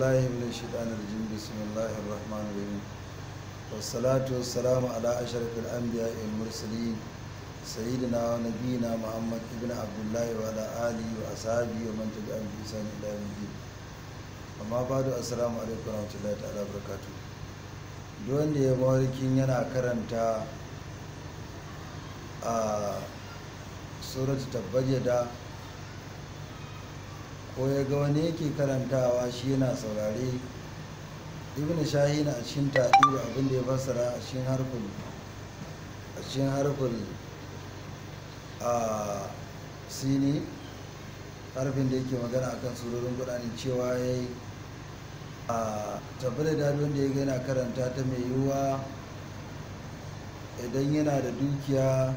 billahi min shaitani rajim bismillahir rahmanir rahim wassalatu wassalamu ala sayyidina wa muhammad ibn abdullahi wa ala alihi wa ashabihi wa man tabi'ahum bi ihsan ila yawm amma ba'du assalamu alaikum wa rahmatullahi ta'ala wa barakatuh duk wanda ya mawarkin yana karanta a ah, suratul tabajjada ko ya ga wani yake karantawa shi yana saurare ibn shahin a cikin taɗiru abin da ya fasara a cikin harkul a cikin harkul a sini harfin da yake magana akan surorin kudanin cewa ya yi a tafi da dadi wanda ya yana karanta ta mai yiwuwa idan yana da dukiya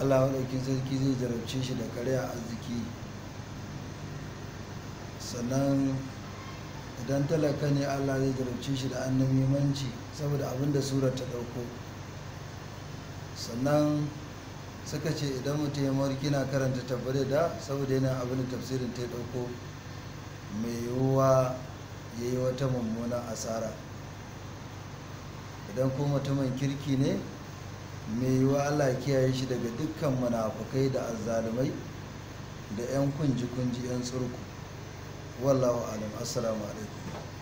allah waɗauki sarki zai jarabce shi da karya a arziki sannan idan talaka ne allah zai jarabci shi da annabimanci saboda abin da surar ta dauko, sannan suka ce idan mutum ya mawarki na karanta tabbare da saboda yana abin da tafsirin ta dauko, mai yiwuwa ya yi wata mummunan asara idan ko mutumin kirki ne mai yiwuwa allah kiyaye shi daga dukkan munafukai da azzalumai da 'yan kunji-kunji 'yan tsurku wallahu alam assalamu alaikum